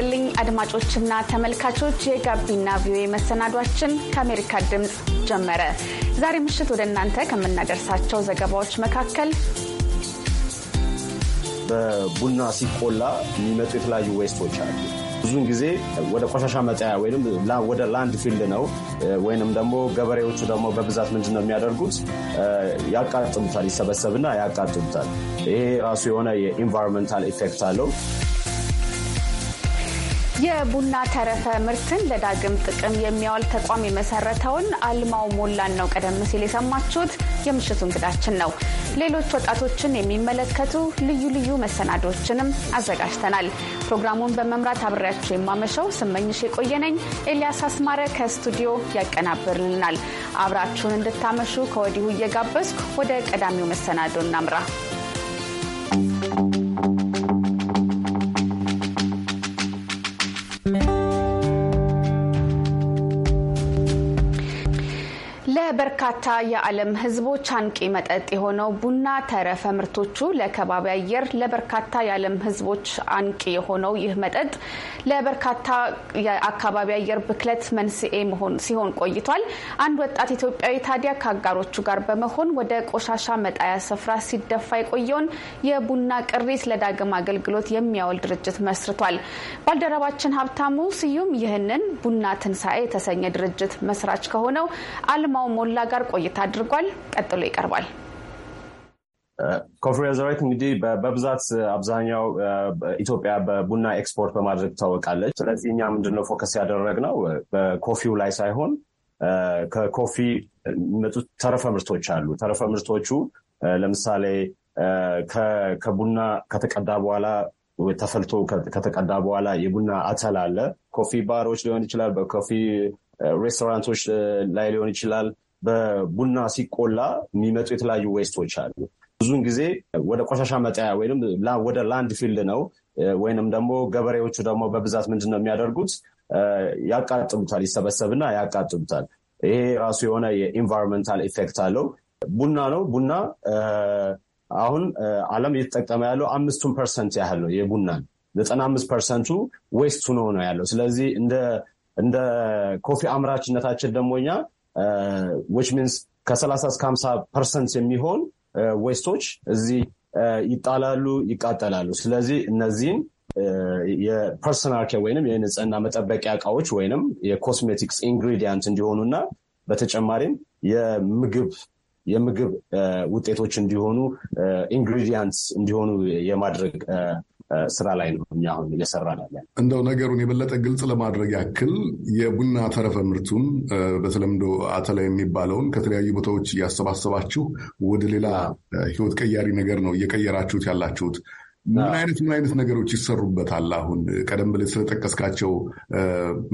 ጥልኝ አድማጮችና ተመልካቾች የጋቢና ቪዮኤ መሰናዷችን ከአሜሪካ ድምፅ ጀመረ። ዛሬ ምሽት ወደ እናንተ ከምናደርሳቸው ዘገባዎች መካከል በቡና ሲቆላ የሚመጡ የተለያዩ ዌስቶች አሉ። ብዙውን ጊዜ ወደ ቆሻሻ መጣያ ወይም ወደ ላንድ ፊልድ ነው። ወይንም ደግሞ ገበሬዎቹ ደግሞ በብዛት ምንድን ነው የሚያደርጉት? ያቃጥሉታል፣ ይሰበሰብና ያቃጥሉታል። ይሄ ራሱ የሆነ የኢንቫይሮንመንታል ኢፌክት አለው። የቡና ተረፈ ምርትን ለዳግም ጥቅም የሚያውል ተቋም የመሰረተውን አልማው ሞላን ነው ቀደም ሲል የሰማችሁት። የምሽቱ እንግዳችን ነው። ሌሎች ወጣቶችን የሚመለከቱ ልዩ ልዩ መሰናዶችንም አዘጋጅተናል። ፕሮግራሙን በመምራት አብሬያቸው የማመሸው ስመኝሽ የቆየነኝ። ኤልያስ አስማረ ከስቱዲዮ ያቀናብርልናል። አብራችሁን እንድታመሹ ከወዲሁ እየጋበዝኩ ወደ ቀዳሚው መሰናዶ እናምራ። ለበርካታ የዓለም ሕዝቦች አንቂ መጠጥ የሆነው ቡና ተረፈ ምርቶቹ ለከባቢ አየር ለበርካታ የዓለም ሕዝቦች አንቂ የሆነው ይህ መጠጥ ለበርካታ የአካባቢ አየር ብክለት መንስኤ ሲሆን ቆይቷል። አንድ ወጣት ኢትዮጵያዊ ታዲያ ከአጋሮቹ ጋር በመሆን ወደ ቆሻሻ መጣያ ስፍራ ሲደፋ የቆየውን የቡና ቅሪት ለዳግም አገልግሎት የሚያውል ድርጅት መስርቷል። ባልደረባችን ሀብታሙ ስዩም ይህንን ቡና ትንሣኤ የተሰኘ ድርጅት መስራች ከሆነው አልማው ሞላ ጋር ቆይታ አድርጓል። ቀጥሎ ይቀርባል። ኮፍሪ ዘራይት እንግዲህ በብዛት አብዛኛው ኢትዮጵያ በቡና ኤክስፖርት በማድረግ ትታወቃለች። ስለዚህ እኛ ምንድነው ፎከስ ያደረግነው በኮፊው ላይ ሳይሆን ከኮፊ የሚመጡት ተረፈ ምርቶች አሉ። ተረፈ ምርቶቹ ለምሳሌ ከቡና ከተቀዳ በኋላ ተፈልቶ ከተቀዳ በኋላ የቡና አተል አለ። ኮፊ ባሮች ሊሆን ይችላል፣ በኮፊ ሬስቶራንቶች ላይ ሊሆን ይችላል። በቡና ሲቆላ የሚመጡ የተለያዩ ዌስቶች አሉ። ብዙውን ጊዜ ወደ ቆሻሻ መጣያ ወይም ወደ ላንድ ፊልድ ነው። ወይንም ደግሞ ገበሬዎቹ ደግሞ በብዛት ምንድን ነው የሚያደርጉት? ያቃጥሉታል። ይሰበሰብና ያቃጥሉታል። ይሄ ራሱ የሆነ የኢንቫይሮንመንታል ኢፌክት አለው። ቡና ነው ቡና አሁን ዓለም እየተጠቀመ ያለው አምስቱን ፐርሰንት ያህል ነው የቡናን ዘጠና አምስት ፐርሰንቱ ዌስት ሆኖ ነው ያለው። ስለዚህ እንደ ኮፊ አምራችነታችን ደግሞ እኛ ዊች ሚንስ ከሰላሳ እስከ ሀምሳ ፐርሰንት የሚሆን ዌስቶች እዚህ ይጣላሉ፣ ይቃጠላሉ። ስለዚህ እነዚህም የፐርሰናል ኬር የንጽህና መጠበቂያ እቃዎች ወይንም የኮስሜቲክስ ኢንግሪዲየንት እንዲሆኑና በተጨማሪም የምግብ የምግብ ውጤቶች እንዲሆኑ ኢንግሪዲየንትስ እንዲሆኑ የማድረግ ስራ ላይ ነው እኛ አሁን እየሰራ ያለን። እንደው ነገሩን የበለጠ ግልጽ ለማድረግ ያክል የቡና ተረፈ ምርቱን በተለምዶ አተላ የሚባለውን ከተለያዩ ቦታዎች እያሰባሰባችሁ ወደ ሌላ ህይወት ቀያሪ ነገር ነው እየቀየራችሁት ያላችሁት። ምን አይነት ምን አይነት ነገሮች ይሰሩበታል? አሁን ቀደም ብለህ ስለጠቀስካቸው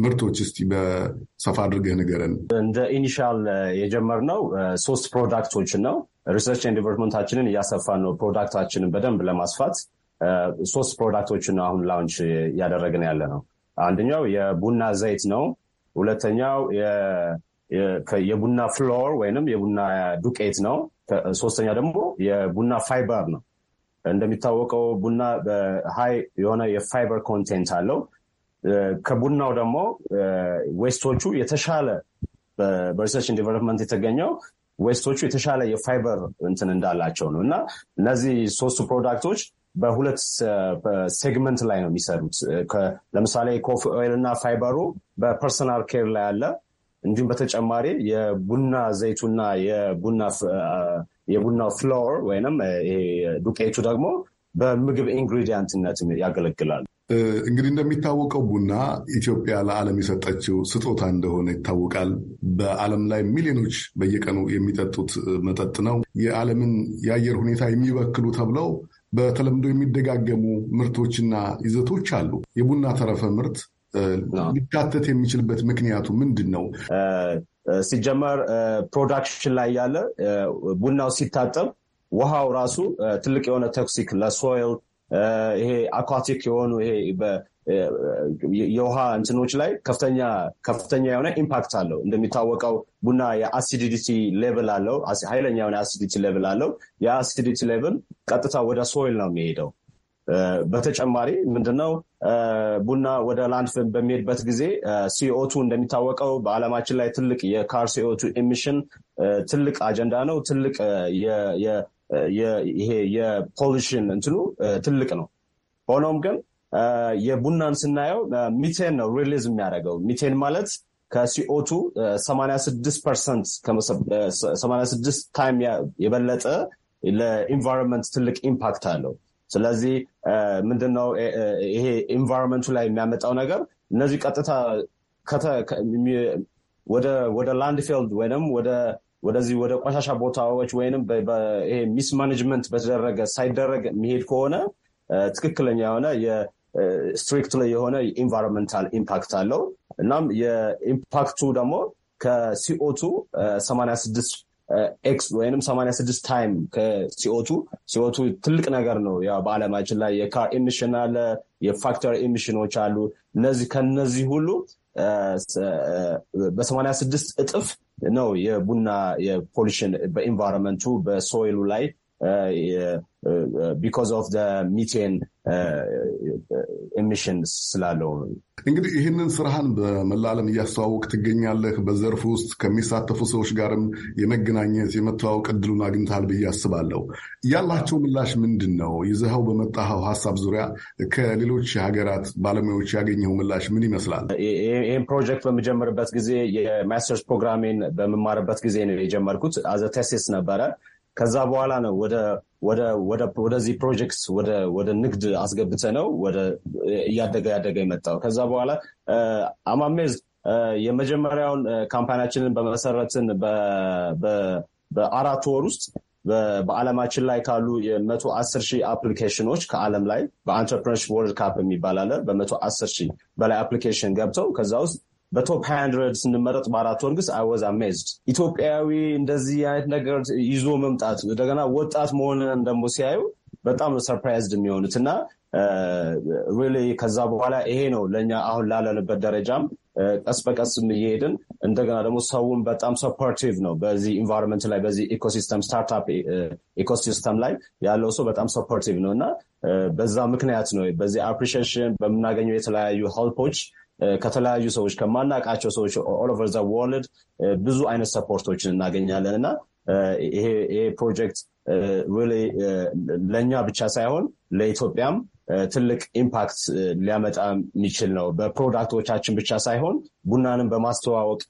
ምርቶች እስቲ በሰፋ አድርገህ ንገረን። እንደ ኢኒሻል የጀመርነው ሶስት ፕሮዳክቶችን ነው። ሪሰርች ኤንድ ዲቨሎፕመንታችንን እያሰፋን ነው፣ ፕሮዳክታችንን በደንብ ለማስፋት ሶስት ፕሮዳክቶችን አሁን ላውንች እያደረግን ያለ ነው። አንደኛው የቡና ዘይት ነው። ሁለተኛው የቡና ፍሎር ወይንም የቡና ዱቄት ነው። ሶስተኛ ደግሞ የቡና ፋይበር ነው። እንደሚታወቀው ቡና ሃይ የሆነ የፋይበር ኮንቴንት አለው። ከቡናው ደግሞ ዌስቶቹ የተሻለ በሪሰርች ዲቨሎፕመንት የተገኘው ዌስቶቹ የተሻለ የፋይበር እንትን እንዳላቸው ነው እና እነዚህ ሶስቱ ፕሮዳክቶች በሁለት ሴግመንት ላይ ነው የሚሰሩት። ለምሳሌ ኮፊ ኦይል እና ፋይበሩ በፐርሰናል ኬር ላይ አለ። እንዲሁም በተጨማሪ የቡና ዘይቱና የቡናው ፍሎር ወይም ዱቄቱ ደግሞ በምግብ ኢንግሪዲያንትነት ያገለግላል። እንግዲህ እንደሚታወቀው ቡና ኢትዮጵያ ለዓለም የሰጠችው ስጦታ እንደሆነ ይታወቃል። በዓለም ላይ ሚሊዮኖች በየቀኑ የሚጠጡት መጠጥ ነው። የዓለምን የአየር ሁኔታ የሚበክሉ ተብለው በተለምዶ የሚደጋገሙ ምርቶችና ይዘቶች አሉ። የቡና ተረፈ ምርት ሊካተት የሚችልበት ምክንያቱ ምንድን ነው? ሲጀመር ፕሮዳክሽን ላይ ያለ ቡናው ሲታጠብ ውሃው ራሱ ትልቅ የሆነ ቶክሲክ ለሶይል ይሄ አኳቲክ የሆኑ ይሄ የውሃ እንትኖች ላይ ከፍተኛ ከፍተኛ የሆነ ኢምፓክት አለው። እንደሚታወቀው ቡና የአሲዲዲቲ ሌቭል አለው፣ ኃይለኛ የሆነ አሲዲቲ ሌቭል አለው። የአሲዲቲ ሌቭል ቀጥታ ወደ ሶይል ነው የሚሄደው። በተጨማሪ ምንድነው ቡና ወደ ላንድ በሚሄድበት ጊዜ ሲኦቱ እንደሚታወቀው በዓለማችን ላይ ትልቅ የካር ሲኦቱ ኤሚሽን ትልቅ አጀንዳ ነው። ትልቅ ይሄ የፖሊሽን እንትኑ ትልቅ ነው። ሆኖም ግን የቡናን ስናየው ሚቴን ነው ሪሊዝ የሚያደርገው። ሚቴን ማለት ከሲኦቱ 86 ታይም የበለጠ ለኢንቫይሮንመንት ትልቅ ኢምፓክት አለው። ስለዚህ ምንድነው ይሄ ኢንቫይሮንመንቱ ላይ የሚያመጣው ነገር እነዚህ ቀጥታ ወደ ላንድ ፊልድ ወይም ወደዚህ ወደ ቆሻሻ ቦታዎች ወይም ሚስ ማኔጅመንት በተደረገ ሳይደረግ የሚሄድ ከሆነ ትክክለኛ የሆነ ስትሪክት ላይ የሆነ ኢንቫይሮንመንታል ኢምፓክት አለው። እናም የኢምፓክቱ ደግሞ ከሲኦቱ 86 ኤክስ ወይም 86 ታይም ከሲኦቱ ሲኦቱ ትልቅ ነገር ነው። በዓለማችን ላይ የካር ኤሚሽን አለ፣ የፋክተሪ ኢሚሽኖች አሉ። እነዚህ ከነዚህ ሁሉ በ86 እጥፍ ነው የቡና የፖሊሽን በኢንቫይሮንመንቱ በሶይሉ ላይ ቢኮዝ ኦፍ ሚቴን ኤሚሽን ስላለው። እንግዲህ ይህንን ስራህን በመላ ዓለም እያስተዋወቅ ትገኛለህ። በዘርፍ ውስጥ ከሚሳተፉ ሰዎች ጋርም የመገናኘት የመተዋወቅ እድሉን አግኝታል ብዬ አስባለሁ። ያላቸው ምላሽ ምንድን ነው? ይዘኸው በመጣኸው ሀሳብ ዙሪያ ከሌሎች ሀገራት ባለሙያዎች ያገኘው ምላሽ ምን ይመስላል? ይህን ፕሮጀክት በምጀምርበት ጊዜ የማስተርስ ፕሮግራሜን በምማርበት ጊዜ ነው የጀመርኩት። አዘ ቴሲስ ነበረ ከዛ በኋላ ነው ወደ ወደዚህ ፕሮጀክት ወደ ንግድ አስገብተ ነው እያደገ ያደገ የመጣው። ከዛ በኋላ አማሜዝ የመጀመሪያውን ካምፓኒያችንን በመሰረትን በአራት ወር ውስጥ በዓለማችን ላይ ካሉ የመቶ አስር ሺህ አፕሊኬሽኖች ከዓለም ላይ በአንትርፕረነርሺፕ ወርልድ ካፕ የሚባል አለ። በመቶ አስር ሺህ በላይ አፕሊኬሽን ገብተው ከዛ ውስጥ በቶፕ ሀያ አንድረድ ስንመረጥ በአራት ወር ግስ አይወዝ አሜዝድ ኢትዮጵያዊ እንደዚህ አይነት ነገር ይዞ መምጣት እንደገና ወጣት መሆንን ደግሞ ሲያዩ በጣም ሰርፕራይዝድ የሚሆኑት እና ሪሊ ከዛ በኋላ ይሄ ነው ለእኛ አሁን ላለንበት ደረጃም ቀስ በቀስ እየሄድን እንደገና ደግሞ ሰውን በጣም ሰፖርቲቭ ነው። በዚህ ኢንቫይሮንመንት ላይ በዚህ ኢኮሲስተም ስታርታፕ ኢኮሲስተም ላይ ያለው ሰው በጣም ሰፖርቲቭ ነው እና በዛ ምክንያት ነው በዚህ አፕሪሺዬሽን በምናገኘው የተለያዩ ሄልፖች ከተለያዩ ሰዎች ከማናውቃቸው ሰዎች ኦል ኦቨር ዘ ወርልድ ብዙ አይነት ሰፖርቶችን እናገኛለን እና ይሄ ፕሮጀክት ለእኛ ብቻ ሳይሆን ለኢትዮጵያም ትልቅ ኢምፓክት ሊያመጣ የሚችል ነው። በፕሮዳክቶቻችን ብቻ ሳይሆን ቡናንም በማስተዋወቅ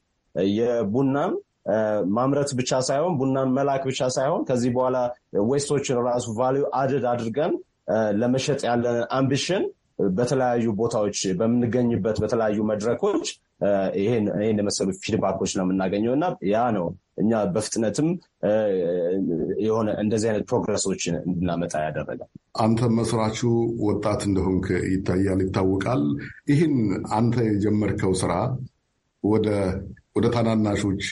የቡናም ማምረት ብቻ ሳይሆን ቡናን መላክ ብቻ ሳይሆን ከዚህ በኋላ ዌስቶችን ራሱ ቫሊዩ አድድ አድርገን ለመሸጥ ያለን አምቢሽን በተለያዩ ቦታዎች በምንገኝበት በተለያዩ መድረኮች ይሄን የመሰሉ ፊድባኮች ነው የምናገኘው እና ያ ነው እኛ በፍጥነትም የሆነ እንደዚህ አይነት ፕሮግረሶች እንድናመጣ ያደረጋል። አንተ መስራቹ ወጣት እንደሆንክ ይታያል፣ ይታወቃል። ይህን አንተ የጀመርከው ስራ ወደ ታናናሾች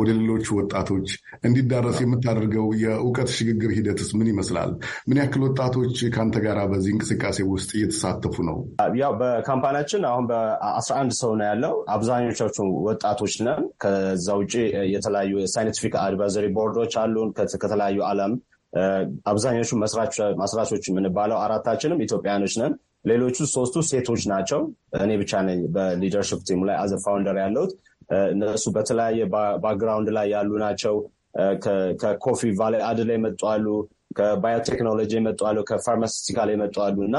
ወደ ሌሎች ወጣቶች እንዲዳረስ የምታደርገው የእውቀት ሽግግር ሂደትስ ምን ይመስላል? ምን ያክል ወጣቶች ከአንተ ጋር በዚህ እንቅስቃሴ ውስጥ እየተሳተፉ ነው? ያው በካምፓኒያችን አሁን በአስራ አንድ ሰው ነው ያለው። አብዛኞቻችን ወጣቶች ነን። ከዛ ውጭ የተለያዩ የሳይንቲፊክ አድቫይዘሪ ቦርዶች አሉን ከተለያዩ ዓለም አብዛኞቹ መስራቾች የምንባለው አራታችንም ኢትዮጵያኖች ነን። ሌሎቹ ሶስቱ ሴቶች ናቸው። እኔ ብቻ ነኝ በሊደርሽፕ ቲሙ ላይ አዘ ፋውንደር ያለሁት። እነሱ በተለያየ ባክግራውንድ ላይ ያሉ ናቸው። ከኮፊ ቫሌ አድል የመጡ አሉ፣ ከባዮቴክኖሎጂ የመጡ አሉ፣ ከፋርማሲቲካል የመጡ አሉ እና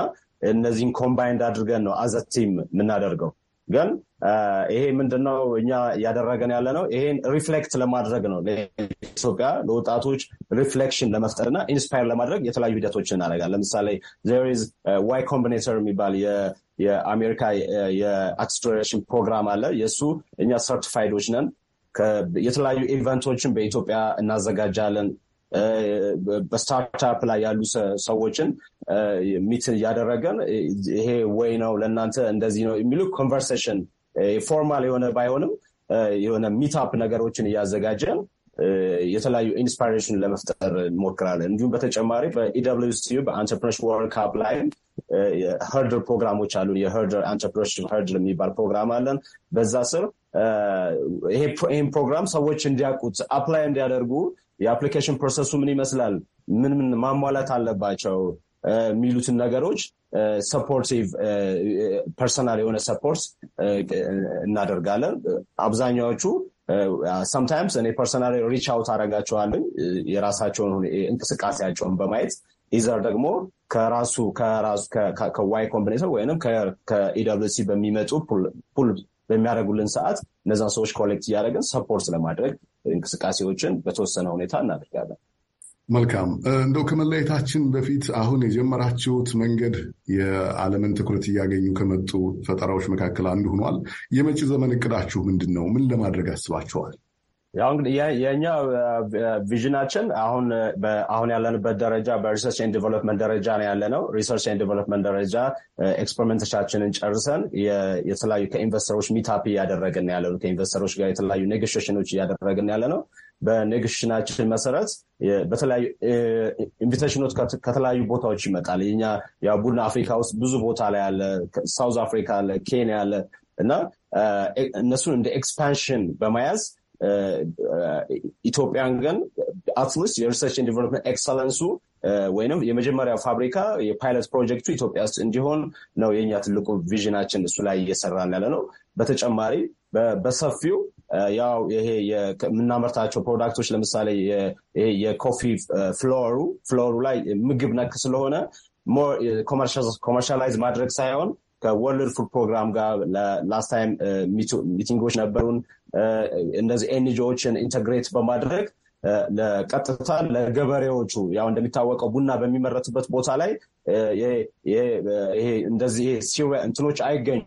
እነዚህን ኮምባይንድ አድርገን ነው አዘ ቲም የምናደርገው ግን ይሄ ምንድነው እኛ እያደረገን ያለ ነው? ይሄን ሪፍሌክት ለማድረግ ነው። ለኢትዮጵያ ለወጣቶች ሪፍሌክሽን ለመፍጠርና ኢንስፓየር ለማድረግ የተለያዩ ሂደቶችን እናደርጋለን። ለምሳሌ ዜሪዝ ዋይ ኮምቢኔተር የሚባል የአሜሪካ የአክስለሬሽን ፕሮግራም አለ። የእሱ እኛ ሰርቲፋይዶች ነን። የተለያዩ ኢቨንቶችን በኢትዮጵያ እናዘጋጃለን። በስታርታፕ ላይ ያሉ ሰዎችን ሚት እያደረገን ይሄ ወይ ነው ለእናንተ እንደዚህ ነው የሚሉ ኮንቨርሴሽን ፎርማል የሆነ ባይሆንም የሆነ ሚታፕ ነገሮችን እያዘጋጀን የተለያዩ ኢንስፓይሬሽን ለመፍጠር እንሞክራለን። እንዲሁም በተጨማሪ በኢደብሊውሲ በአንተርፕረነርሺፕ ወርልድ ካፕ ላይ ሀርድር ፕሮግራሞች አሉ። የሀርድር አንተርፕረነርሺፕ ሀርድር የሚባል ፕሮግራም አለን። በዛ ስር ይህም ፕሮግራም ሰዎች እንዲያውቁት አፕላይ እንዲያደርጉ የአፕሊኬሽን ፕሮሰሱ ምን ይመስላል፣ ምን ምን ማሟላት አለባቸው የሚሉትን ነገሮች ሰፖርቲቭ uh, ፐርሰናል uh, uh, የሆነ ሰፖርት እናደርጋለን። አብዛኛዎቹ ሰምታይምስ እኔ ፐርሰናል ሪች አውት አረጋቸዋለኝ የራሳቸውን እንቅስቃሴያቸውን በማየት ኢዘር ደግሞ ከራሱ ከዋይ ኮምቢኔሽን ወይም ከኢደብሊሲ በሚመጡ ፑል በሚያደርጉልን ሰዓት እነዛን ሰዎች ኮሌክት እያደረግን ሰፖርት ለማድረግ እንቅስቃሴዎችን በተወሰነ ሁኔታ እናደርጋለን። መልካም እንደው ከመለየታችን በፊት አሁን የጀመራችሁት መንገድ የዓለምን ትኩረት እያገኙ ከመጡ ፈጠራዎች መካከል አንዱ ሆኗል። የመጪ ዘመን እቅዳችሁ ምንድን ነው? ምን ለማድረግ አስባችኋል? ያው እንግዲህ የእኛ ቪዥናችን አሁን አሁን ያለንበት ደረጃ በሪሰርች ኤንድ ዲቨሎፕመንት ደረጃ ነው ያለነው። ሪሰርች ዲቨሎፕመንት ደረጃ ኤክስፐሪመንቶቻችንን ጨርሰን የተለያዩ ከኢንቨስተሮች ሚታፕ እያደረግን ያለ ከኢንቨስተሮች ጋር የተለያዩ ኔጎሽሽኖች እያደረግን ያለ ነው። በኔጌሽናችን መሰረት በተለያዩ ኢንቪቴሽኖች ከተለያዩ ቦታዎች ይመጣል። የኛ ቡድን አፍሪካ ውስጥ ብዙ ቦታ ላይ አለ፣ ሳውዝ አፍሪካ አለ፣ ኬንያ አለ እና እነሱን እንደ ኤክስፓንሽን በመያዝ ኢትዮጵያን ግን አትሊስት የሪሰርች ዲቨሎፕመንት ኤክሰለንሱ ወይም የመጀመሪያ ፋብሪካ የፓይለት ፕሮጀክቱ ኢትዮጵያ ውስጥ እንዲሆን ነው የኛ ትልቁ ቪዥናችን። እሱ ላይ እየሰራን ያለ ነው። በተጨማሪ በሰፊው ያው ይሄ የምናመርታቸው ፕሮዳክቶች ለምሳሌ የኮፊ ፍሎሩ ፍሎሩ ላይ ምግብ ነክ ስለሆነ ኮመርሻላይዝ ማድረግ ሳይሆን ከወርልድ ፉድ ፕሮግራም ጋር ላስት ታይም ሚቲንጎች ነበሩን። እንደዚህ ኤንጂኦዎችን ኢንተግሬት በማድረግ ለቀጥታ ለገበሬዎቹ ያው እንደሚታወቀው ቡና በሚመረትበት ቦታ ላይ ይሄ እንደዚህ እንትኖች አይገኙ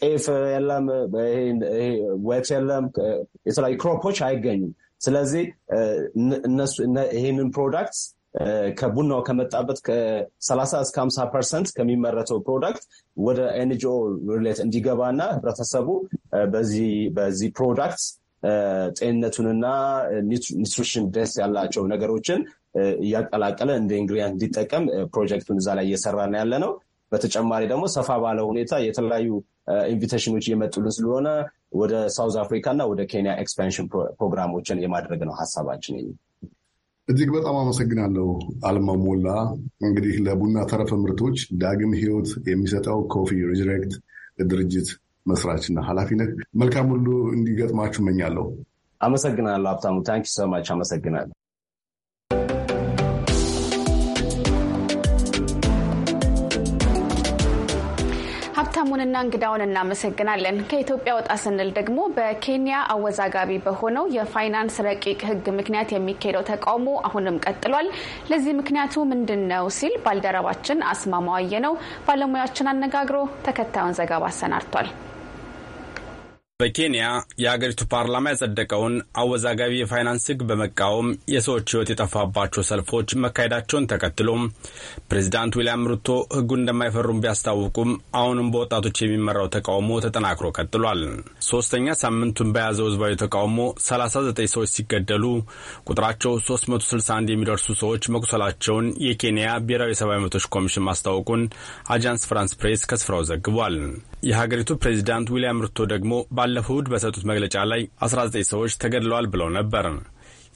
ጤፍ የለም፣ ወት የለም፣ የተለያዩ ክሮፖች አይገኙም። ስለዚህ ይህንን ፕሮዳክት ከቡናው ከመጣበት ከ30 እስከ 50 ፐርሰንት ከሚመረተው ፕሮዳክት ወደ ኤንጂኦ ሪሌት እንዲገባና ህብረተሰቡ በዚህ ፕሮዳክት ጤንነቱንና ኒትሪሽን ደስ ያላቸው ነገሮችን እያቀላቀለ እንደ ኢንግሪዲየንት እንዲጠቀም ፕሮጀክቱን እዛ ላይ እየሰራ ያለ ነው። በተጨማሪ ደግሞ ሰፋ ባለ ሁኔታ የተለያዩ ኢንቪቴሽኖች እየመጡልን ስለሆነ ወደ ሳውዝ አፍሪካ እና ወደ ኬንያ ኤክስፓንሽን ፕሮግራሞችን የማድረግ ነው ሀሳባችን። እጅግ በጣም አመሰግናለሁ አልማ ሞላ። እንግዲህ ለቡና ተረፈ ምርቶች ዳግም ህይወት የሚሰጠው ኮፊ ሪዚሬክት ድርጅት መስራችና ኃላፊነት መልካም ሁሉ እንዲገጥማችሁ እመኛለሁ። አመሰግናለሁ ሀብታሙ ታንኪ ሰማች። አመሰግናለሁ። ሀብታሙንና እንግዳውን እናመሰግናለን። ከኢትዮጵያ ወጣ ስንል ደግሞ በኬንያ አወዛጋቢ በሆነው የፋይናንስ ረቂቅ ሕግ ምክንያት የሚካሄደው ተቃውሞ አሁንም ቀጥሏል። ለዚህ ምክንያቱ ምንድን ነው ሲል ባልደረባችን አስማማዋየ ነው ባለሙያችን አነጋግሮ ተከታዩን ዘገባ አሰናድቷል። በኬንያ የአገሪቱ ፓርላማ ያጸደቀውን አወዛጋቢ የፋይናንስ ሕግ በመቃወም የሰዎች ሕይወት የጠፋባቸው ሰልፎች መካሄዳቸውን ተከትሎ ፕሬዚዳንት ዊልያም ሩቶ ሕጉን እንደማይፈሩም ቢያስታውቁም አሁንም በወጣቶች የሚመራው ተቃውሞ ተጠናክሮ ቀጥሏል። ሶስተኛ ሳምንቱን በያዘው ሕዝባዊ ተቃውሞ 39 ሰዎች ሲገደሉ ቁጥራቸው 361 የሚደርሱ ሰዎች መቁሰላቸውን የኬንያ ብሔራዊ የሰብአዊ መብቶች ኮሚሽን ማስታወቁን አጃንስ ፍራንስ ፕሬስ ከስፍራው ዘግቧል። የሀገሪቱ ፕሬዚዳንት ዊልያም ሩቶ ደግሞ ባለፈው እሁድ በሰጡት መግለጫ ላይ 19 ሰዎች ተገድለዋል ብለው ነበር።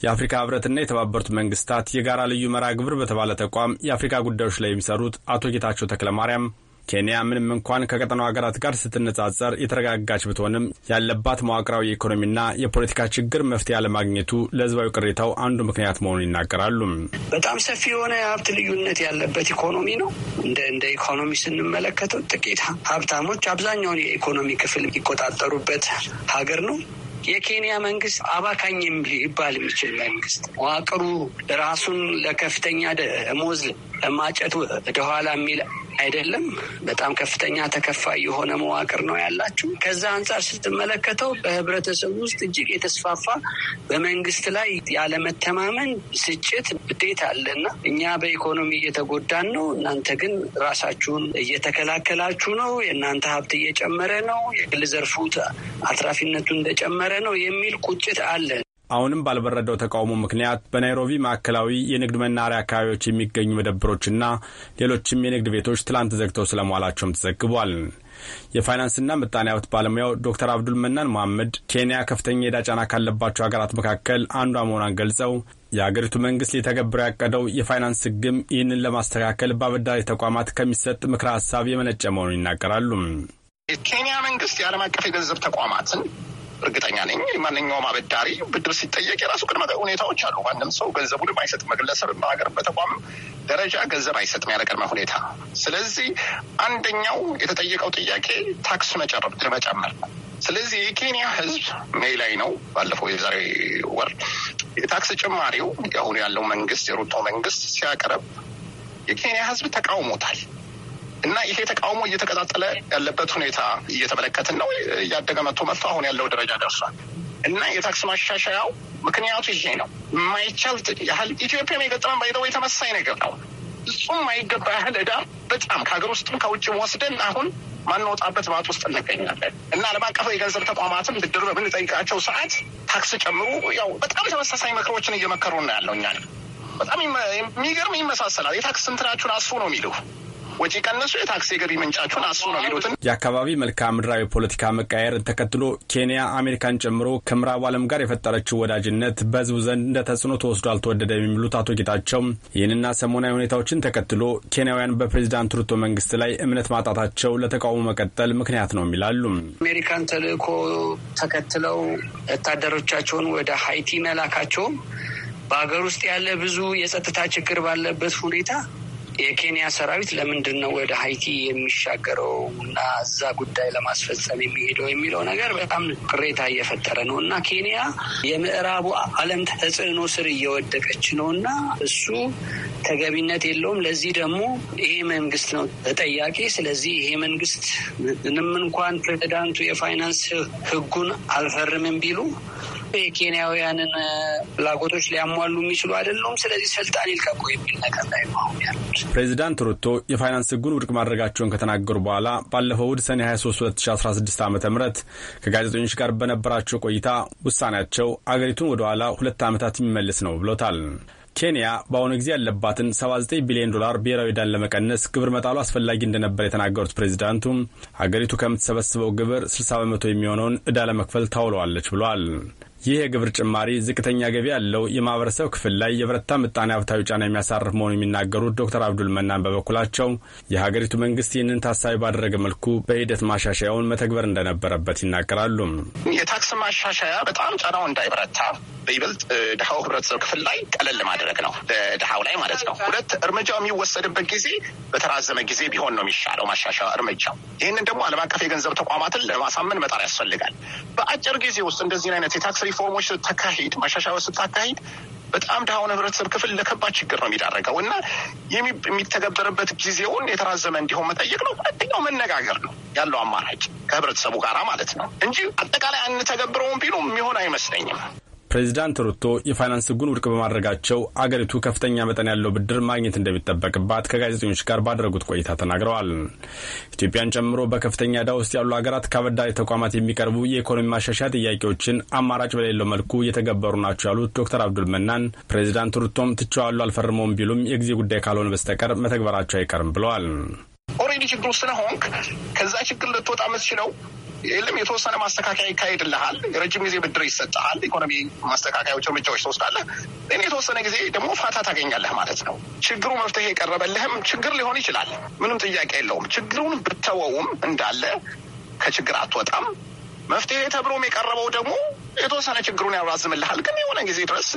የአፍሪካ ህብረትና የተባበሩት መንግስታት የጋራ ልዩ መርሃ ግብር በተባለ ተቋም የአፍሪካ ጉዳዮች ላይ የሚሰሩት አቶ ጌታቸው ተክለማርያም ኬንያ ምንም እንኳን ከቀጠናው ሀገራት ጋር ስትነጻጸር የተረጋጋች ብትሆንም ያለባት መዋቅራዊ የኢኮኖሚና የፖለቲካ ችግር መፍትሄ አለማግኘቱ ለህዝባዊ ቅሬታው አንዱ ምክንያት መሆኑን ይናገራሉ። በጣም ሰፊ የሆነ የሀብት ልዩነት ያለበት ኢኮኖሚ ነው። እንደ እንደ ኢኮኖሚ ስንመለከተው ጥቂት ሀብታሞች አብዛኛውን የኢኮኖሚ ክፍል የሚቆጣጠሩበት ሀገር ነው። የኬንያ መንግስት አባካኝ ይባል የሚችል መንግስት መዋቅሩ ራሱን ለከፍተኛ ደሞዝ ለማጨት ወደኋላ የሚል አይደለም። በጣም ከፍተኛ ተከፋይ የሆነ መዋቅር ነው ያላችሁ። ከዛ አንጻር ስትመለከተው በህብረተሰቡ ውስጥ እጅግ የተስፋፋ በመንግስት ላይ ያለመተማመን፣ ስጭት፣ ብዴት አለና እኛ በኢኮኖሚ እየተጎዳን ነው፣ እናንተ ግን ራሳችሁን እየተከላከላችሁ ነው፣ የእናንተ ሀብት እየጨመረ ነው፣ የግል ዘርፉ አትራፊነቱ እንደጨመረ ነው የሚል ቁጭት አለ። አሁንም ባልበረደው ተቃውሞ ምክንያት በናይሮቢ ማዕከላዊ የንግድ መናሪያ አካባቢዎች የሚገኙ መደብሮችና ሌሎችም የንግድ ቤቶች ትላንት ዘግተው ስለመዋላቸውም ተዘግቧል። የፋይናንስና ምጣኔ ሀብት ባለሙያው ዶክተር አብዱል መናን መሐመድ ኬንያ ከፍተኛ የዕዳ ጫና ካለባቸው ሀገራት መካከል አንዷ መሆኗን ገልጸው የአገሪቱ መንግስት ሊተገብረው ያቀደው የፋይናንስ ህግም ይህንን ለማስተካከል በአበዳሪ ተቋማት ከሚሰጥ ምክረ ሀሳብ የመነጨ መሆኑን ይናገራሉ። የኬንያ መንግስት የዓለም አቀፍ የገንዘብ ተቋማትን እርግጠኛ ነኝ ማንኛውም አበዳሪ ብድር ሲጠየቅ የራሱ ቅድመ ሁኔታዎች አሉ። ማንም ሰው ገንዘቡንም አይሰጥም። በግለሰብ በሀገር በተቋም ደረጃ ገንዘብ አይሰጥም ያለ ቅድመ ሁኔታ። ስለዚህ አንደኛው የተጠየቀው ጥያቄ ታክስ መጨመር፣ ብድር መጨመር ነው። ስለዚህ የኬንያ ሕዝብ ሜይ ላይ ነው ባለፈው የዛሬ ወር የታክስ ጭማሪው የአሁኑ ያለው መንግስት የሩቶ መንግስት ሲያቀርብ የኬንያ ሕዝብ ተቃውሞታል። እና ይሄ ተቃውሞ እየተቀጣጠለ ያለበት ሁኔታ እየተመለከትን ነው። እያደገ መጥቶ መጥቶ አሁን ያለው ደረጃ ደርሷል። እና የታክስ ማሻሻያው ምክንያቱ ይሄ ነው። የማይቻል ያህል ኢትዮጵያ የገጠመን ባይደው የተመሳይ ነገር ነው። እሱም የማይገባ ያህል እዳ በጣም ከሀገር ውስጥም ከውጭ ወስደን አሁን ማንወጣበት ባት ውስጥ እንገኛለን እና ዓለም አቀፍ የገንዘብ ተቋማትም ብድር በምንጠይቃቸው ሰዓት ታክስ ጨምሩ፣ ያው በጣም ተመሳሳይ ምክሮችን እየመከሩ ነው ያለው። እኛ በጣም የሚገርም ይመሳሰላል። የታክስ እንትናችሁን አስፉ ነው የሚሉ ወጪ ቀነሱ የታክስ የገቢ ምንጫችሁን አስሩ ነው ሚሉትን የአካባቢ መልክዓ ምድራዊ ፖለቲካ መቃየርን ተከትሎ ኬንያ አሜሪካን ጨምሮ ከምዕራቡ ዓለም ጋር የፈጠረችው ወዳጅነት በህዝቡ ዘንድ እንደ ተጽዕኖ ተወስዶ አልተወደደ የሚሉት አቶ ጌታቸው ይህንና ሰሞናዊ ሁኔታዎችን ተከትሎ ኬንያውያን በፕሬዚዳንት ሩቶ መንግስት ላይ እምነት ማጣታቸው ለተቃውሞ መቀጠል ምክንያት ነው ይላሉ። አሜሪካን ተልእኮ ተከትለው ወታደሮቻቸውን ወደ ሀይቲ መላካቸውም በሀገር ውስጥ ያለ ብዙ የጸጥታ ችግር ባለበት ሁኔታ የኬንያ ሰራዊት ለምንድን ነው ወደ ሀይቲ የሚሻገረው እና እዛ ጉዳይ ለማስፈጸም የሚሄደው የሚለው ነገር በጣም ቅሬታ እየፈጠረ ነው እና ኬንያ የምዕራቡ ዓለም ተጽዕኖ ስር እየወደቀች ነው እና እሱ ተገቢነት የለውም። ለዚህ ደግሞ ይሄ መንግስት ነው ተጠያቂ። ስለዚህ ይሄ መንግስት ምንም እንኳን ፕሬዚዳንቱ የፋይናንስ ህጉን አልፈርምም ቢሉ የኬንያውያንን ፍላጎቶች ሊያሟሉ የሚችሉ አይደሉም። ስለዚህ ስልጣን ይልቀቁ የሚል ነገር ላይ ነው ያሉት። ፕሬዚዳንት ሩቶ የፋይናንስ ህጉን ውድቅ ማድረጋቸውን ከተናገሩ በኋላ ባለፈው እሁድ ሰኔ 23 2016 ዓ ም ከጋዜጠኞች ጋር በነበራቸው ቆይታ ውሳኔያቸው አገሪቱን ወደ ኋላ ሁለት ዓመታት የሚመልስ ነው ብሎታል። ኬንያ በአሁኑ ጊዜ ያለባትን 79 ቢሊዮን ዶላር ብሔራዊ ዕዳን ለመቀነስ ግብር መጣሉ አስፈላጊ እንደነበር የተናገሩት ፕሬዚዳንቱ ሀገሪቱ ከምትሰበስበው ግብር 60 በመቶ የሚሆነውን ዕዳ ለመክፈል ታውለዋለች ብሏል። ይህ የግብር ጭማሪ ዝቅተኛ ገቢ ያለው የማህበረሰብ ክፍል ላይ የበረታ ምጣኔ ሀብታዊ ጫና የሚያሳርፍ መሆኑ የሚናገሩት ዶክተር አብዱል መናን በበኩላቸው የሀገሪቱ መንግስት ይህንን ታሳቢ ባደረገ መልኩ በሂደት ማሻሻያውን መተግበር እንደነበረበት ይናገራሉ። የታክስ ማሻሻያ በጣም ጫናው እንዳይበረታ በይበልጥ ድሃው ህብረተሰብ ክፍል ላይ ቀለል ለማድረግ ነው፣ ድሃው ላይ ማለት ነው። ሁለት እርምጃው የሚወሰድበት ጊዜ በተራዘመ ጊዜ ቢሆን ነው የሚሻለው ማሻሻያ እርምጃው። ይህንን ደግሞ ዓለም አቀፍ የገንዘብ ተቋማትን ለማሳመን መጣር ያስፈልጋል። በአጭር ጊዜ ውስጥ እንደዚህ አይነት የታክስ ሪፎርሞች ስታካሂድ ማሻሻያዎች ስታካሂድ በጣም ድሃውን ህብረተሰብ ክፍል ለከባድ ችግር ነው የሚዳረገው እና የሚተገበርበት ጊዜውን የተራዘመ እንዲሆን መጠየቅ ነው። ሁለተኛው መነጋገር ነው ያለው አማራጭ ከህብረተሰቡ ጋራ ማለት ነው እንጂ አጠቃላይ አንተገብረውም ቢሉ የሚሆን አይመስለኝም። ፕሬዚዳንት ሩቶ የፋይናንስ ጉን ውድቅ በማድረጋቸው አገሪቱ ከፍተኛ መጠን ያለው ብድር ማግኘት እንደሚጠበቅባት ከጋዜጠኞች ጋር ባደረጉት ቆይታ ተናግረዋል። ኢትዮጵያን ጨምሮ በከፍተኛ ዕዳ ውስጥ ያሉ ሀገራት ከአበዳሪ ተቋማት የሚቀርቡ የኢኮኖሚ ማሻሻያ ጥያቄዎችን አማራጭ በሌለው መልኩ እየተገበሩ ናቸው ያሉት ዶክተር አብዱል መናን ፕሬዚዳንት ሩቶም ትቸዋሉ አልፈርመውም ቢሉም የጊዜ ጉዳይ ካልሆነ በስተቀር መተግበራቸው አይቀርም ብለዋል። ኦሬዲ ችግሩ ስለሆንክ ከዛ ችግር ልትወጣ መስችለው የለም የተወሰነ ማስተካከያ ይካሄድልሃል። ረጅም ጊዜ ብድር ይሰጠሃል፣ ኢኮኖሚ ማስተካከያዎች እርምጃዎች ትወስዳለህ። ግን የተወሰነ ጊዜ ደግሞ ፋታ ታገኛለህ ማለት ነው። ችግሩ መፍትሄ የቀረበልህም ችግር ሊሆን ይችላል። ምንም ጥያቄ የለውም። ችግሩን ብተወውም እንዳለ ከችግር አትወጣም። መፍትሄ ተብሎም የቀረበው ደግሞ የተወሰነ ችግሩን ያራዝምልሃል፣ ግን የሆነ ጊዜ ድረስ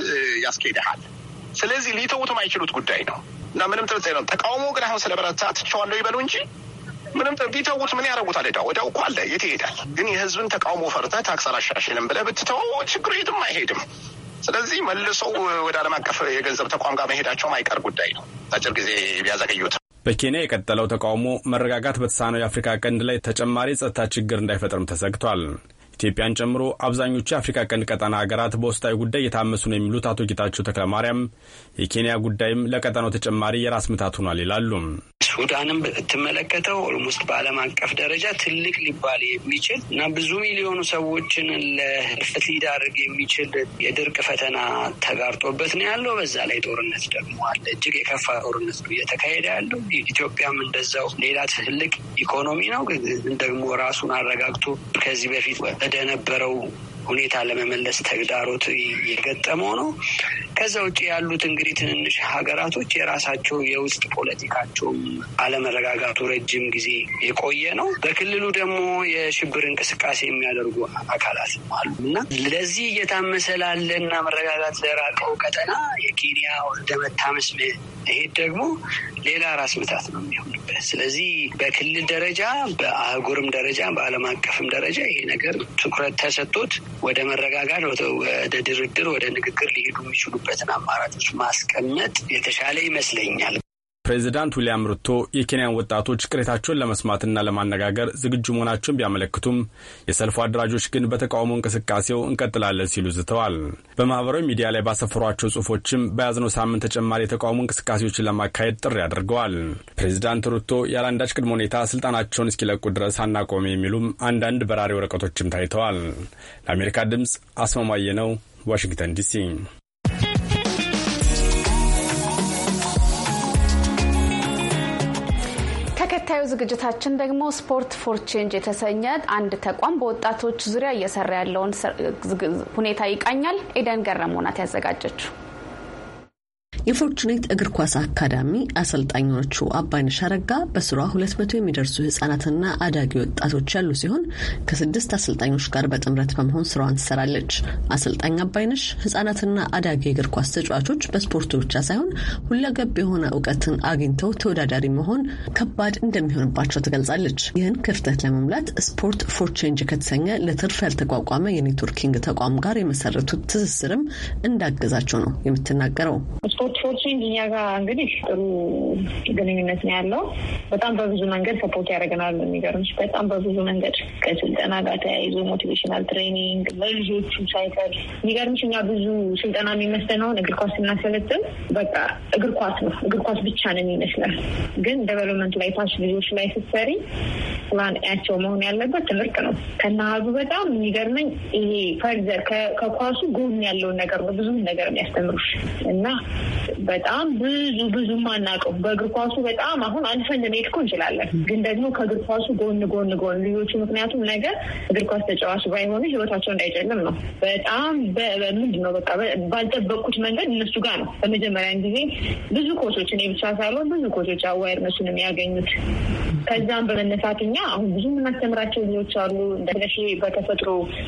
ያስኬድሃል። ስለዚህ ሊተውትም አይችሉት ጉዳይ ነው። እና ምንም ትርት የለም። ተቃውሞ ግን አሁን ስለበረታ ትቸዋለሁ ይበሉ እንጂ ምንም ቢተውት ምን ያደርጉታል? ሄዳ ወዳው እኮ አለ የት ይሄዳል? ግን የህዝብን ተቃውሞ ፈርተ ታክስ አላሻሽልም ብለህ ብትተው ችግሩ የትም አይሄድም። ስለዚህ መልሶ ወደ ዓለም አቀፍ የገንዘብ ተቋም ጋር መሄዳቸውም አይቀር ጉዳይ ነው። አጭር ጊዜ ቢያዘገዩት በኬንያ የቀጠለው ተቃውሞ መረጋጋት በተሳነው የአፍሪካ ቀንድ ላይ ተጨማሪ ጸጥታ ችግር እንዳይፈጥርም ተሰግቷል። ኢትዮጵያን ጨምሮ አብዛኞቹ የአፍሪካ ቀንድ ቀጠና ሀገራት በውስጣዊ ጉዳይ እየታመሱ ነው የሚሉት አቶ ጌታቸው ተክለማርያም የኬንያ ጉዳይም ለቀጠናው ተጨማሪ የራስ ምታት ሆኗል ይላሉ። ሱዳንን ብትመለከተው ኦልሞስት በዓለም አቀፍ ደረጃ ትልቅ ሊባል የሚችል እና ብዙ ሚሊዮኑ ሰዎችን ለህልፈት ሊዳርግ የሚችል የድርቅ ፈተና ተጋርጦበት ነው ያለው። በዛ ላይ ጦርነት ደግሞ አለ። እጅግ የከፋ ጦርነት ነው እየተካሄደ ያለው። ኢትዮጵያም እንደዛው ሌላ ትልቅ ኢኮኖሚ ነው፣ ግን ደግሞ ራሱን አረጋግቶ ከዚህ በፊት ወደነበረው ሁኔታ ለመመለስ ተግዳሮት የገጠመው ነው። ከዛ ውጭ ያሉት እንግዲህ ትንንሽ ሀገራቶች የራሳቸው የውስጥ ፖለቲካቸውም አለመረጋጋቱ ረጅም ጊዜ የቆየ ነው። በክልሉ ደግሞ የሽብር እንቅስቃሴ የሚያደርጉ አካላት አሉ እና ለዚህ እየታመሰ ላለና መረጋጋት ለራቀው ቀጠና የኬንያ ወደ መታመስ መሄድ ደግሞ ሌላ ራስ ምታት ነው የሚሆንበት። ስለዚህ በክልል ደረጃ በአህጉርም ደረጃ በዓለም አቀፍም ደረጃ ይሄ ነገር ትኩረት ተሰጥቶት ወደ መረጋጋት፣ ወደ ድርድር፣ ወደ ንግግር ሊሄዱ የሚችሉበትን አማራጮች ማስቀመጥ የተሻለ ይመስለኛል። ፕሬዚዳንት ዊልያም ሩቶ የኬንያን ወጣቶች ቅሬታቸውን ለመስማትና ለማነጋገር ዝግጁ መሆናቸውን ቢያመለክቱም የሰልፉ አደራጆች ግን በተቃውሞ እንቅስቃሴው እንቀጥላለን ሲሉ ዝተዋል። በማህበራዊ ሚዲያ ላይ ባሰፈሯቸው ጽሁፎችም በያዝነው ሳምንት ተጨማሪ የተቃውሞ እንቅስቃሴዎችን ለማካሄድ ጥሪ አድርገዋል። ፕሬዚዳንት ሩቶ ያለአንዳች ቅድመ ሁኔታ ስልጣናቸውን እስኪለቁ ድረስ አናቆም የሚሉም አንዳንድ በራሪ ወረቀቶችም ታይተዋል። ለአሜሪካ ድምፅ አስማማየ ነው፣ ዋሽንግተን ዲሲ ተከታዩ ዝግጅታችን ደግሞ ስፖርት ፎር ቼንጅ የተሰኘ አንድ ተቋም በወጣቶች ዙሪያ እየሰራ ያለውን ሁኔታ ይቃኛል። ኤደን ገረመው ያዘጋጀችው። የፎርቹኔት እግር ኳስ አካዳሚ አሰልጣኞቹ አባይነሽ አረጋ በስሯ መቶ የሚደርሱ ህጻናትና አዳጊ ወጣቶች ያሉ ሲሆን ከስድስት አሰልጣኞች ጋር በጥምረት በመሆን ስራዋን ትሰራለች። አሰልጣኝ አባይነሽ ህጻናትና አዳጊ እግር ኳስ ተጫዋቾች በስፖርቱ ብቻ ሳይሆን ሁለገብ የሆነ እውቀትን አግኝተው ተወዳዳሪ መሆን ከባድ እንደሚሆንባቸው ትገልጻለች። ይህን ክፍተት ለመሙላት ስፖርት ፎር ቼንጅ ከተሰኘ ለትርፍ ያልተቋቋመ የኔትወርኪንግ ተቋም ጋር የመሰረቱት ትስስርም እንዳገዛቸው ነው የምትናገረው። ኮቾች እኛ ጋር እንግዲህ ጥሩ ግንኙነት ነው ያለው። በጣም በብዙ መንገድ ሰፖርት ያደርገናል። የሚገርምሽ በጣም በብዙ መንገድ ከስልጠና ጋር ተያይዞ ሞቲቬሽናል ትሬኒንግ ለልጆቹ ሳይቀር የሚገርምሽ እኛ ብዙ ስልጠና የሚመስለነውን እግር ኳስ ስናሰለጥን በቃ እግር ኳስ ነው እግር ኳስ ብቻ ነው ይመስላል። ግን ደቨሎፕመንት ላይ ታች ልጆች ላይ ስትሰሪ ያቸው መሆን ያለበት ትምህርት ነው። ከናሀዙ በጣም የሚገርመኝ ይሄ ፈርዘር ከኳሱ ጎን ያለውን ነገር ነው ብዙም ነገር የሚያስተምሩሽ እና በጣም ብዙ ብዙ ማናቀው በእግር ኳሱ በጣም አሁን አልፈን ልንሄድ እኮ እንችላለን። ግን ደግሞ ከእግር ኳሱ ጎን ጎን ጎን ልጆቹ ምክንያቱም ነገር እግር ኳስ ተጫዋች ባይሆኑ ህይወታቸው እንዳይጨልም ነው። በጣም ምንድን ነው በቃ ባልጠበቅኩት መንገድ እነሱ ጋር ነው በመጀመሪያን ጊዜ ብዙ ኮቾች እኔ ብቻ ሳልሆን ብዙ ኮቾች አዋይር እነሱን የሚያገኙት ከዛም በመነሳት እኛ አሁን ብዙ የምናስተምራቸው ልጆች አሉ። እንደነሽ በተፈጥሮ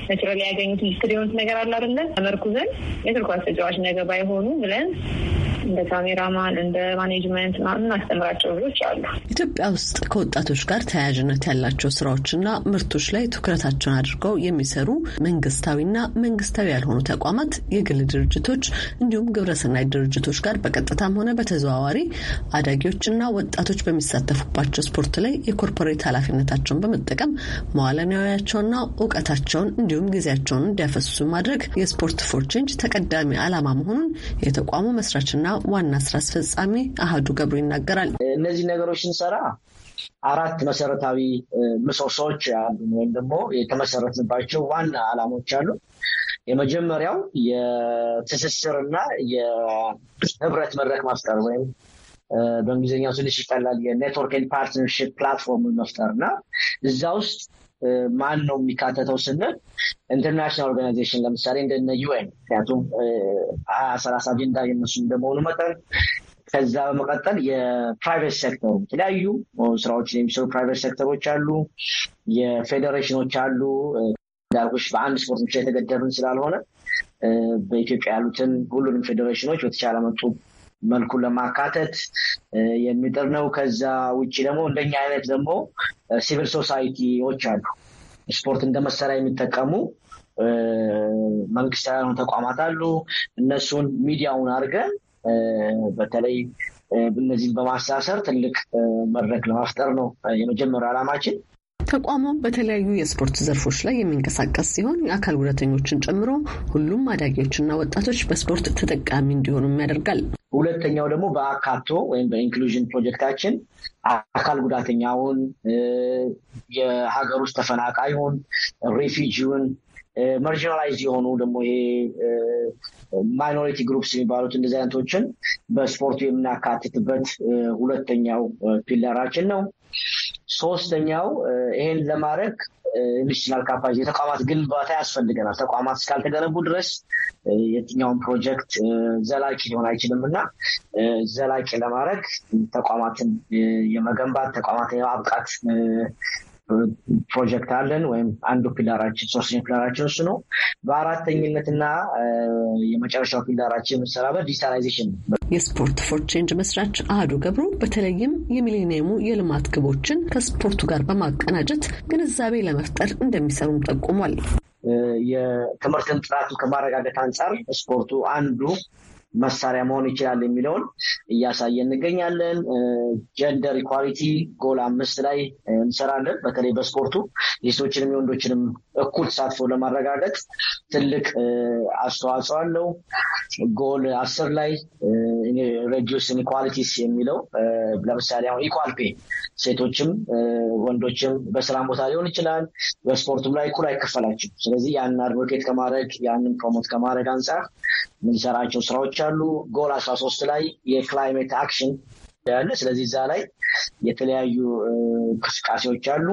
ናቹራል ያገኙት ሂስትሪ የሆኑት ነገር አለ አይደለ? ተመርኩዘን የእግር ኳስ ተጫዋች ነገ ባይሆኑ ብለን እንደ ካሜራማን፣ እንደ ማኔጅመንት እናስተምራቸው ልጆች አሉ። ኢትዮጵያ ውስጥ ከወጣቶች ጋር ተያያዥነት ያላቸው ስራዎችና ምርቶች ላይ ትኩረታቸውን አድርገው የሚሰሩ መንግስታዊና መንግስታዊ ያልሆኑ ተቋማት፣ የግል ድርጅቶች እንዲሁም ግብረሰናይ ድርጅቶች ጋር በቀጥታም ሆነ በተዘዋዋሪ አዳጊዎችና ወጣቶች በሚሳተፉባቸው ስፖርት ላይ የኮርፖሬት ኃላፊነታቸውን በመጠቀም መዋለ ንዋያቸውንና እውቀታቸውን እንዲሁም ጊዜያቸውን እንዲያፈሱ ማድረግ የስፖርት ፎር ቼንጅ ተቀዳሚ ዓላማ መሆኑን የተቋሙ መስራችና ዋና ስራ አስፈጻሚ አህዱ ገብሩ ይናገራል። እነዚህ ነገሮች ስንሰራ አራት መሰረታዊ ምሰሶዎች አሉ፣ ወይም ደግሞ የተመሰረትንባቸው ዋና አላማዎች አሉ። የመጀመሪያው የትስስርና የህብረት መድረክ መፍጠር ወይም በእንግሊዝኛው ትንሽ ይቀላል የኔትወርክ ፓርትነርሽፕ ፕላትፎርም መፍጠር እና እዛ ውስጥ ማን ነው የሚካተተው ስንል ኢንተርናሽናል ኦርጋናይዜሽን ለምሳሌ እንደነ ዩኤን ምክንያቱም ሀያ ሰላሳ አጀንዳ የነሱ እንደመሆኑ መጠን ከዛ በመቀጠል የፕራይቬት ሴክተሩ የተለያዩ ስራዎችን የሚሰሩ ፕራይቬት ሴክተሮች አሉ፣ የፌዴሬሽኖች አሉ። ዳርጎች በአንድ ስፖርት ብቻ የተገደብን ስላልሆነ በኢትዮጵያ ያሉትን ሁሉንም ፌዴሬሽኖች በተቻለ መጡ መልኩ ለማካተት የሚጥር ነው። ከዛ ውጭ ደግሞ እንደኛ አይነት ደግሞ ሲቪል ሶሳይቲዎች አሉ። ስፖርት እንደ መሳሪያ የሚጠቀሙ መንግስታዊ ያልሆኑ ተቋማት አሉ። እነሱን ሚዲያውን አድርገን በተለይ እነዚህን በማሳሰር ትልቅ መድረክ ለማፍጠር ነው የመጀመሪያ ዓላማችን። ተቋሙ በተለያዩ የስፖርት ዘርፎች ላይ የሚንቀሳቀስ ሲሆን የአካል ጉዳተኞችን ጨምሮ ሁሉም አዳጊዎችና ወጣቶች በስፖርት ተጠቃሚ እንዲሆኑም ያደርጋል። ሁለተኛው ደግሞ በአካቶ ወይም በኢንክሉዥን ፕሮጀክታችን አካል ጉዳተኛውን፣ የሀገር ውስጥ ተፈናቃዩን፣ ሬፊጂውን መርጂናላይዝ የሆኑ ደግሞ ይሄ ማይኖሪቲ ግሩፕስ የሚባሉት እንደዚህ አይነቶችን በስፖርቱ የምናካትትበት ሁለተኛው ፒለራችን ነው። ሶስተኛው ይሄን ለማድረግ ኢንዱስትሪያል ካፓ የተቋማት ግንባታ ያስፈልገናል። ተቋማት እስካልተገነቡ ድረስ የትኛውን ፕሮጀክት ዘላቂ ሊሆን አይችልም እና ዘላቂ ለማድረግ ተቋማትን የመገንባት ተቋማትን የማብቃት ፕሮጀክት አለን ወይም አንዱ ፒላራችን ሶስተኛ ፒላራችን እሱ ነው። በአራተኝነትና የመጨረሻው ፒላራችን የምንሰራበት ዲጂታላይዜሽን የስፖርት ፎር ቼንጅ መስራች አህዱ ገብሩ በተለይም የሚሌኒየሙ የልማት ግቦችን ከስፖርቱ ጋር በማቀናጀት ግንዛቤ ለመፍጠር እንደሚሰሩም ጠቁሟል። የትምህርትን ጥራቱ ከማረጋገጥ አንጻር ስፖርቱ አንዱ መሳሪያ መሆን ይችላል የሚለውን እያሳየ እንገኛለን። ጀንደር ኢኳሊቲ ጎል አምስት ላይ እንሰራለን። በተለይ በስፖርቱ የሴቶችንም የወንዶችንም እኩል ተሳትፎ ለማረጋገጥ ትልቅ አስተዋጽኦ አለው። ጎል አስር ላይ ሬዲዩስ ኳሊቲስ የሚለው ለምሳሌ አሁን ኢኳል ፔ ሴቶችም ወንዶችም በስራ ቦታ ሊሆን ይችላል፣ በስፖርቱም ላይ እኩል አይከፈላቸው። ስለዚህ ያንን አድቮኬት ከማድረግ ያንን ፕሮሞት ከማድረግ አንጻር የሚሰራቸው ስራዎች አሉ። ጎል አስራ ሶስት ላይ የክላይሜት አክሽን ያለ ስለዚህ እዛ ላይ የተለያዩ እንቅስቃሴዎች አሉ።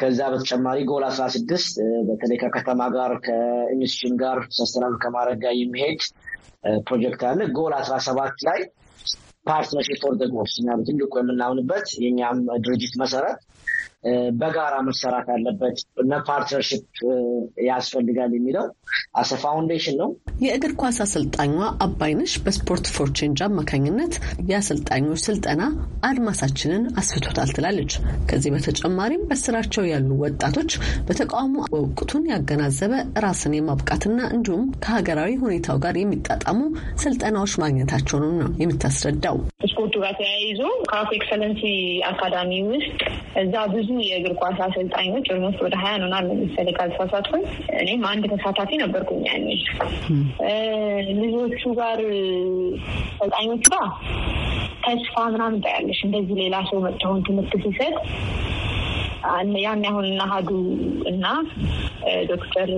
ከዛ በተጨማሪ ጎል አስራ ስድስት በተለይ ከከተማ ጋር ከኢንስቲቱሽን ጋር ሰስተናል ከማድረግ ጋር የሚሄድ ፕሮጀክት አለ። ጎል አስራ ሰባት ላይ ፓርትነርሽፕ ፎር ዘ ትልቁ የምናምንበት የኛም ድርጅት መሰረት በጋራ መሰራት አለበት እና ፓርትነርሽፕ ያስፈልጋል የሚለው አሰ ፋውንዴሽን ነው። የእግር ኳስ አሰልጣኟ አባይነሽ በስፖርት ፎር ቼንጅ አማካኝነት የአሰልጣኞች ስልጠና አድማሳችንን አስፍቶታል ትላለች። ከዚህ በተጨማሪም በስራቸው ያሉ ወጣቶች በተቃውሞ ወቅቱን ያገናዘበ ራስን የማብቃትና እንዲሁም ከሀገራዊ ሁኔታው ጋር የሚጣጣሙ ስልጠናዎች ማግኘታቸውንም ነው የምታስረዳው። ስፖርቱ ጋር ተያይዞ ካፍ ኤክሰለንሲ አካዳሚ ውስጥ እዛ ብዙ ብዙ የእግር ኳስ አሰልጣኞች ኦልሞስት ወደ ሀያ ነና ለምሳሌ ካልተሳሳትኩኝ እኔም አንድ ተሳታፊ ነበርኩኝ። ያኔ ልጆቹ ጋር አሰልጣኞቹ ጋር ተስፋ ምናምን ታያለሽ እንደዚህ ሌላ ሰው መጥተውን ትምህርት ሲሰጥ ያን ያሁን አሁን ሀዱ እና ዶክተር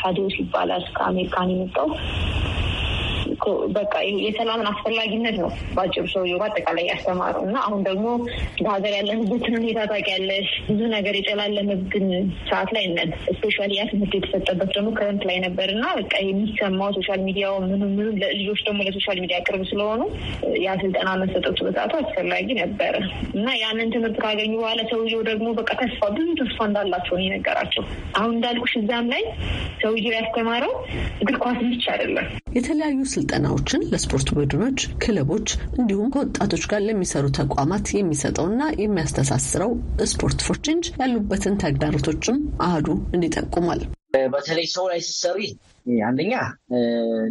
ታዲዮስ ይባላል ከአሜሪካን የመጣው በቃ የሰላምን አስፈላጊነት ነው በአጭሩ ሰውዬው በአጠቃላይ ያስተማረው እና አሁን ደግሞ በሀገር ያለንበትን ሁኔታ ታውቂያለሽ። ብዙ ነገር የጨላለመብን ሰዓት ላይ ነን። ስፔሻሊ ያ ትምህርት የተሰጠበት ደግሞ ክረምት ላይ ነበር እና በቃ የሚሰማው ሶሻል ሚዲያው ምኑ ምኑ ለልጆች ደግሞ ለሶሻል ሚዲያ ቅርብ ስለሆኑ ያ ስልጠና መሰጠቱ በጣቱ አስፈላጊ ነበረ እና ያንን ትምህርት ካገኙ በኋላ ሰውዬው ደግሞ በቃ ተስፋ ብዙ ተስፋ እንዳላቸው ነው የነገራቸው። አሁን እንዳልኩሽ እዛም ላይ ሰውዬው ያስተማረው እግር ኳስ ብቻ አይደለም የተለያዩ ስልጠናዎችን ለስፖርት ቡድኖች፣ ክለቦች እንዲሁም ከወጣቶች ጋር ለሚሰሩ ተቋማት የሚሰጠውና የሚያስተሳስረው ስፖርት ፎር ቼንጅ ያሉበትን ተግዳሮቶችም አህዱ እንዲጠቁማል። በተለይ ሰው ላይ ስትሰሪ አንደኛ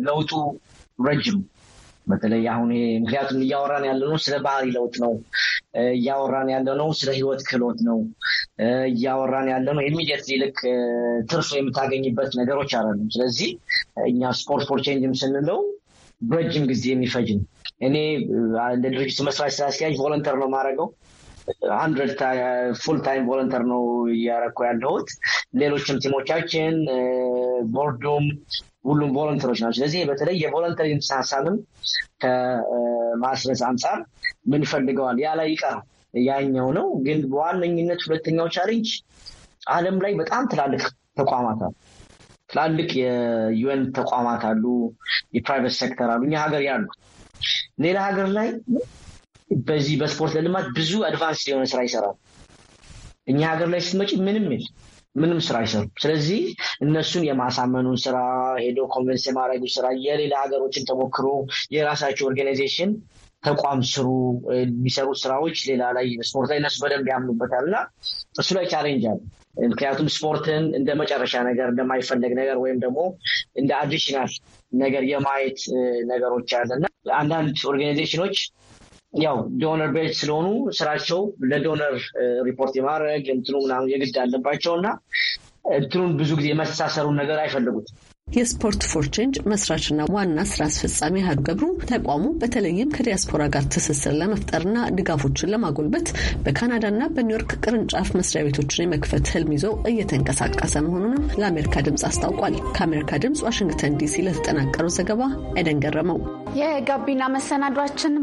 ለውጡ ረጅም በተለይ አሁን ምክንያቱም እያወራን ያለ ነው ስለ ባህሪ ለውጥ ነው፣ እያወራን ያለ ነው ስለ ህይወት ክህሎት ነው፣ እያወራን ያለ ነው ኢሚዲየትሊ ልክ ትርፍ የምታገኝበት ነገሮች አይደሉም። ስለዚህ እኛ ስፖርት ፎር ቼንጅም ስንለው በረጅም ጊዜ የሚፈጅ ነው። እኔ እንደ ድርጅቱ መስራች ስራ አስኪያጅ ቮለንተር ነው የማደርገው። ሀንድረድ ፉል ታይም ቮለንተር ነው እያረኩ ያለሁት። ሌሎችም ቲሞቻችን፣ ቦርዱም ሁሉም ቮለንተሮች ናቸው። ስለዚህ በተለይ የቮለንተሪ ሀሳብም ከማስረጽ አንጻር ምን ፈልገዋል ያ ላይ ይቀር ያኛው ነው። ግን በዋነኝነት ሁለተኛው ቻሌንጅ ዓለም ላይ በጣም ትላልቅ ተቋማት አሉ። ትላልቅ የዩኤን ተቋማት አሉ፣ የፕራይቬት ሴክተር አሉ፣ እኛ ሀገር ያሉ ሌላ ሀገር ላይ በዚህ በስፖርት ለልማት ብዙ አድቫንስ የሆነ ስራ ይሰራል። እኛ ሀገር ላይ ስትመጪ ምንም የለም። ምንም ስራ አይሰሩ ስለዚህ እነሱን የማሳመኑን ስራ ሄዶ ኮንቨንስ የማድረጉ ስራ የሌላ ሀገሮችን ተሞክሮ የራሳቸው ኦርጋናይዜሽን ተቋም ስሩ የሚሰሩ ስራዎች ሌላ ላይ ስፖርት ላይ እነሱ በደንብ ያምኑበታል እና እሱ ላይ ቻሌንጅ አለ። ምክንያቱም ስፖርትን እንደ መጨረሻ ነገር እንደማይፈለግ ነገር ወይም ደግሞ እንደ አዲሽናል ነገር የማየት ነገሮች አለ እና አንዳንድ ኦርጋናይዜሽኖች ያው ዶነር ቤት ስለሆኑ ስራቸው ለዶነር ሪፖርት የማድረግ እንትኑ ምናምን የግድ አለባቸው እና እንትኑን ብዙ ጊዜ የመተሳሰሩን ነገር አይፈልጉት። የስፖርት ፎር ቼንጅ መስራችና ዋና ስራ አስፈጻሚ ሀዱ ገብሩ ተቋሙ በተለይም ከዲያስፖራ ጋር ትስስር ለመፍጠርና ድጋፎችን ለማጎልበት በካናዳና በኒውዮርክ ቅርንጫፍ መስሪያ ቤቶችን የመክፈት ህልም ይዘው እየተንቀሳቀሰ መሆኑንም ለአሜሪካ ድምፅ አስታውቋል። ከአሜሪካ ድምፅ ዋሽንግተን ዲሲ ለተጠናቀረው ዘገባ አይደን ገረመው። የጋቢና መሰናዷችን